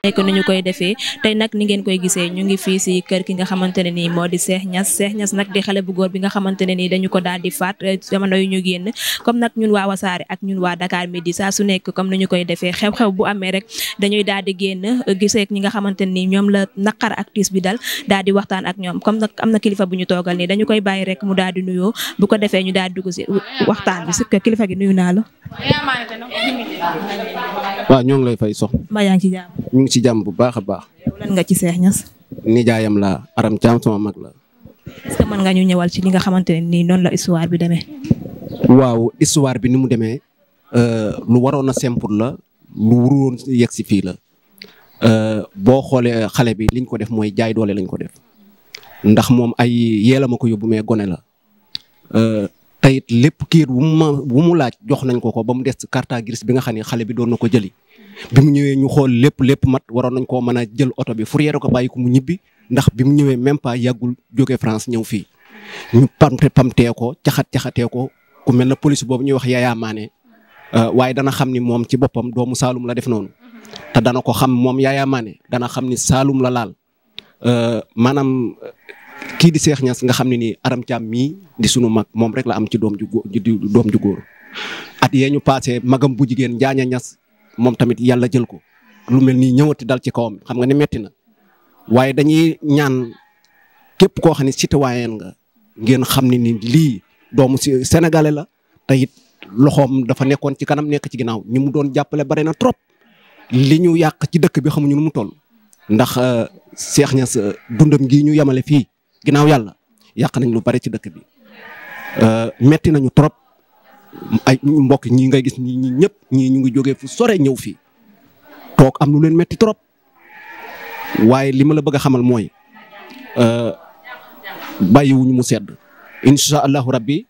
nekk ni ñu koy defee tey nag ni ngeen koy gisee ñu ngi fii si kër ki nga xamante ne nii moo di seex ñas Cheikh ñas nag di xale bu góor bi nga xamante ne nii dañu ko daal di faat eh, jamono yu ñu génn comme nag ñun waa Wassare ak ñun waa Dakar Midi saa su nekk comme ni ñu koy defee xew-xew bu amee rek dañuy daal di génn eh, gisee ñi nga xamante ne nii ñoom la naqar ak tiis bi dal daal di waxtaan ak ñoom comme nag am na kilifa bu ñu toogal nii dañu koy bàyyi rek mu daal di nuyoo bu ko defee ñu daal di dugg si waxtaan bi si kilifa gi nuyu naa la ñu ngi ci jàmm bu baax a baax. yow lan nga ci Cheikh Niass. nijaayam la Aram Thiam sama mag la. est-ce ñu ñëwal ci li nga xamante ne nii noonu la histoire bi demee. waaw histoire bi ni mu demee euh, lu waroon a simple la lu wuroon yegg si fii la euh, boo xoolee xale bi liñ ko def mooy jaay doole lañ ko def ndax moom ay yeela ma ko yóbbu mais gone la euh, tayit lépp kayit wu mu ma wu mu laaj jox nañ ko ko ba mu des carte grise bi nga xam ne xale bi doon na ko jëli. bi mu ñëwee ñu xool lépp lépp mat waroon nañ koo mën a jël oto bi fourrière ko bàyyi ko mu ñibbi ndax bi mu ñëwee même pas yàggul jóge France ñëw fii. ñu pamte pamtee ko caxat caxatee ko ku mel na police boobu ñuy wax Yaya Mané euh, waaye dana xam ni moom ci boppam doomu Saalum la def noonu. te dana ko xam moom Yaya Mané dana xam ni Saalum la laal euh, maanaam kii di Cheikh ñas nga xam ne nii Aram Thiam mii di sunu mag moom rek la am ci doom ju góor doom ju góor at yee ñu paase magam bu jigéen Njaaña Niass moom tamit yàlla jël ko lu mel nii ñëwati dal ci kawam xam nga ne metti na waaye dañuy ñaan képp koo xam ne citoyen nga ngeen xam ne ni lii doomu si la te it loxoom dafa nekkoon ci kanam nekk ci ginnaaw ñi mu doon jàppale bare na trop li ñu yàq ci dëkk bi xamuñu nu mu toll ndax euh, Cheikh Niass euh, dundam gii ñu yemale fii ginnaaw yàlla yàq nañ lu bare ci dëkk bi euh, metti nañu trop ay mbokk ñi nga gis ñi ñi ñëpp ñii ñu ngi jógee fu sore ñëw fii toog am lu leen metti trop waaye li ma la bëgg a xamal mooy euh, bàyyiwuñu mu sedd incha allahu rabbi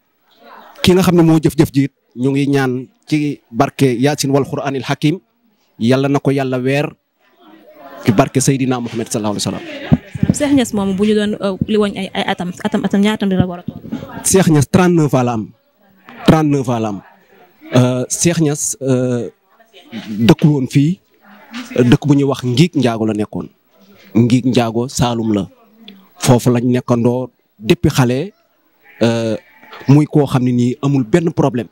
ki nga xam ne moo jëf-jëf jiit ñu ngi ñaan ci barke yaasin wal quraanil hakim yàlla na ko yàlla weer ci barke Seydina Muhammad sallallahu alayhi wa sallam. Cheikh euh, ay ay a toog. Cheikh Niass 39 ans la 39 ans la am euh, Cheikh Niass euh, dëkkul woon fii dëkk bu ñuy wax Ngiig Njaago la nekkoon Ngiig Njaago Saalum la foofu lañ nekkandoo depuis xale euh, muy koo xam ne nii amul benn problème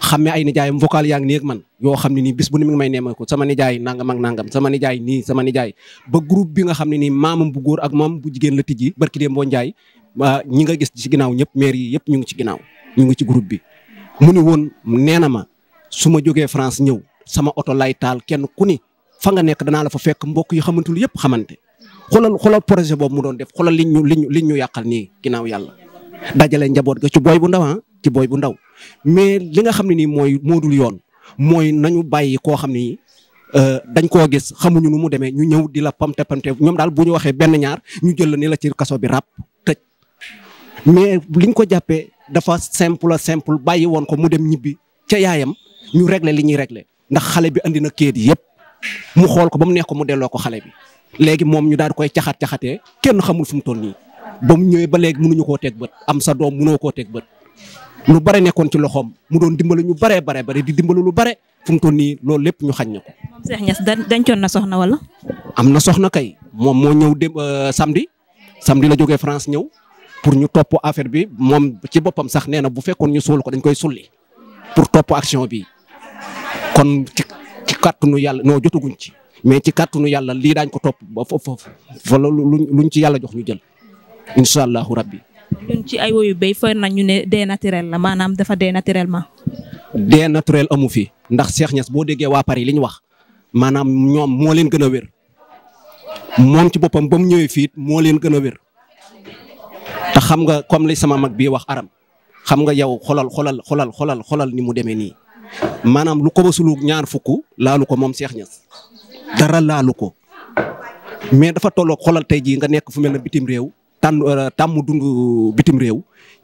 xam ne ay nijaayam vocal yaa man yoo xam ne nii bis bu ni may neema ko sama nijaay nangam ak nangam sama nijaay nii sama nijaay ba group bi nga xam ne nii maamam bu góor ak maam bu jigéen la tijji barki dem boo njaay ñi nga gis ci ginnaaw ñëpp maire yi yëpp ñu ngi ci ginnaaw ñu ngi ci groupe bi mu ni woon nee na ma su ma jógee France ñëw sama oto lay taal kenn ku ni fa nga nekk danaa la fa fekk mbokk yi xamantul yëpp xamante xoolal xoolal projet boobu mu doon def xoolal liñ ñu liñ ñu liñ ñu yàqal nii ginnaaw yàlla. dajale njaboot ga ci booy bu ndaw ah ci booy bu ndaw mais li nga xam ne nii mooy moo dul yoon mooy nañu bàyyi koo xam ni euh, dañ koo gis xamuñu nu mu demee ñu ñëw di la pamte pamte ñoom daal bu ñu waxee benn ñaar ñu jël la la ci kaso bi ràpp tëj mais liñ ko jàppee dafa simple simple bàyyi woon ko mu dem ñibbi ca yaayam ñu régler li ñuy régler ndax xale bi indi na kayit yëpp mu xool ko ba mu nekk ko mu delloo ko xale bi. léegi moom ñu daal di koy caxat caxatee kenn xamul fu mu toll nii ba mu ñëwee ba léegi mënuñu koo teg bët am sa doom munoo koo teg bët. lu bare nekkoon ci loxoom mu doon dimbali ñu bare bare bare di dimbalu lu bare fu toll nii loolu lépp ñu xañ na ko. Cheikh Niass dencoon na soxna wala. am na soxna kay moom moo ñëw dem euh, samedi samedi la jógee France ñëw. pour ñu topp affaire bi moom ci boppam sax nee na bu fekkoon ñu suul ko dañ koy sulli pour topp action bi kon ci ci kàttanu yàlla noo jotaguñ ci mais ci kàttanu yàlla lii daañ ko topp ba foofu wala luñ ci yàlla jox ñu jël incha allahu rabbi. ñun ci ay woyu béy nañ ñu ne dee naturel la maanaam dafa dee naturellement. dee amu fi ndax Cheikh Niass boo déggee waa Paris li ñu wax maanaam ñoom moo leen gën a wér moom ci boppam ba mu ñëwee fii moo leen gën a wér. te xam nga comme li sama mag bii wax aram xam nga yow xolal xolal xolal xolal xolal ni mu demee nii maanaam lu ko basulu ñaar fukk laalu ko moom seex Niass dara laalu ko mais dafa tolloo xolal tey jii nga nekk fu mel ne bitim réew tànn euh, tàmm dund bitim réew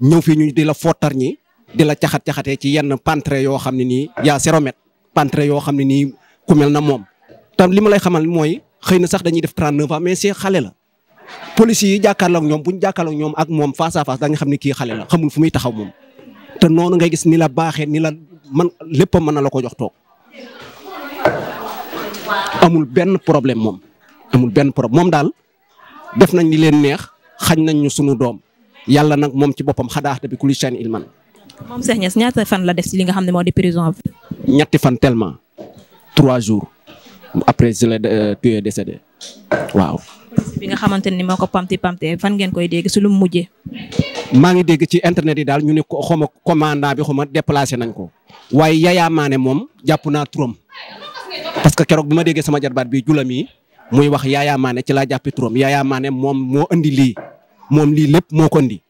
ñëw fii ñu di la footar ñi di la caxat caxatee ci yenn pantre yoo xam ne nii yaa séromètre pantre yoo xam ne nii ku mel na moom. tam li ma lay xamal mooy xëy na sax dañuy def 39 ans mais Cheikh xale la. policiers yi jàkkaarloo ak ñoom bu ñu jàkkaarloo ak ñoom ak moom face à face da nga xam ne kii xale la xamul fu muy taxaw moom te noonu ngay gis ni la baaxee ni la man léppam mën na la ko jox toog amul benn problème moom amul benn problème moom daal def nañ ni leen neex xañ nañ ñu sunu doom yàlla nag moom ci boppam xadaaxte bi ku li seen ilman moom Cheikh Niass ñaata fan la def ci li nga xam ne moo di prison bi. ñetti fan tellement trois jours après je l'ai euh, tué décédé waaw. bi nga xamante ni moo ko pamti pamtee fan ngeen koy dégg su lu mujjee maa ngi dégg ci internet yi daal ñu ne xoma commandant bi xoma déplacé nañ ko waaye Yaya Mané moom jàpp naa turam parce que keroog bi ma déggee sama jarbaat bi julam yi muy wax Yaya Mané ci laa jàppi turam Yaya Mané moom moo andi lii moom lii lépp moo ko andi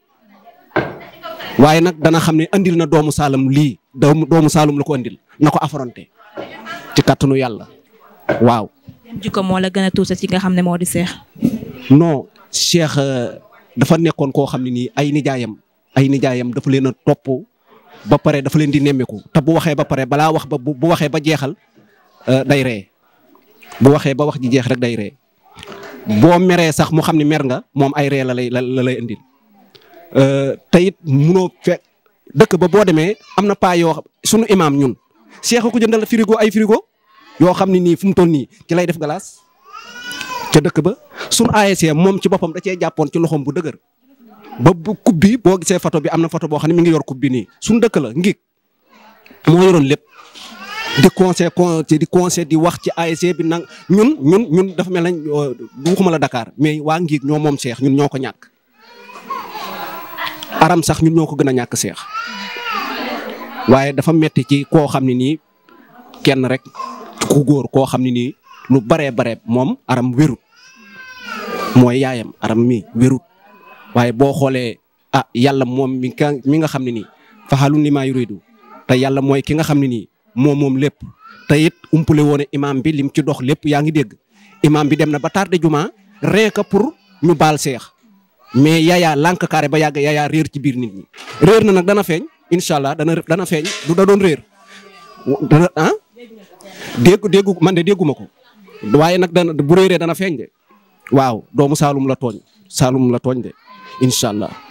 waaye nag dana xam ne indil na doomu Saalum lii doomu doomu Saalum la ko andil na ko affronté ci kàttanu yàlla waaw. non Cheikh euh, dafa nekkoon koo xam ne nii ay nijaayam ay nijaayam dafa leen a topp ba pare dafa leen di nemmeeku te bu waxee ba pare balaa wax ba bu waxee ba jeexal euh, day ree bu waxee ba wax ji jeex rek day ree boo meree sax mu xam ne mer nga moom ay ree la lay la lay indil euh, te it munoo fekk dëkk ba boo demee am na paa yoo sunu imaam ñun Cheikh ku jëndal frigo ay frigo yoo xam ne nii fu mu toll nii ci def glace. ca dëkk ba sunu ASC moom ci boppam da cee jàppoon ci loxoom bu dëgër ba bu coupe bi boo gisee photo bi am na photo boo xam ne mu ngi yor coupe bi nii sunu dëkk la ngig moo yoroon lépp di conseil di conseil di wax ci ASC bi nag ñun ñun ñun dafa mel nañ uh, waxuma la dakaar mais waa ngiig ñoo moom seex ñun ñoo ko ñàkk aram sax ñun ñoo ko gën a ñàkk seex waaye dafa metti ci koo xam ne nii kenn rek ku góor koo xam ne nii lu baree bare moom aram wérut mooy yaayam aram mi wérut waaye boo xoolee ah yàlla moom mi nga mi nga xam ne nii faxalun li maa yuridu te yàlla mooy ki nga xam ne nii moom moom lépp te it umpule woone imaam bi lim ci dox lépp yaa ngi dégg imaam bi dem na ba tardé juma rien que pour ñu baal seex mais yaayaa lànk carré ba yàgg yaayaa réer ci biir nit ñi réer na nag dana feeñ incha allah dana dana feeñ du da doon réer dana ah? déggu man de dégguma ko waaye nag dana bu réeree dana feeñ de waaw doomu Saalum la tooñ Saalum la tooñ de incha allah.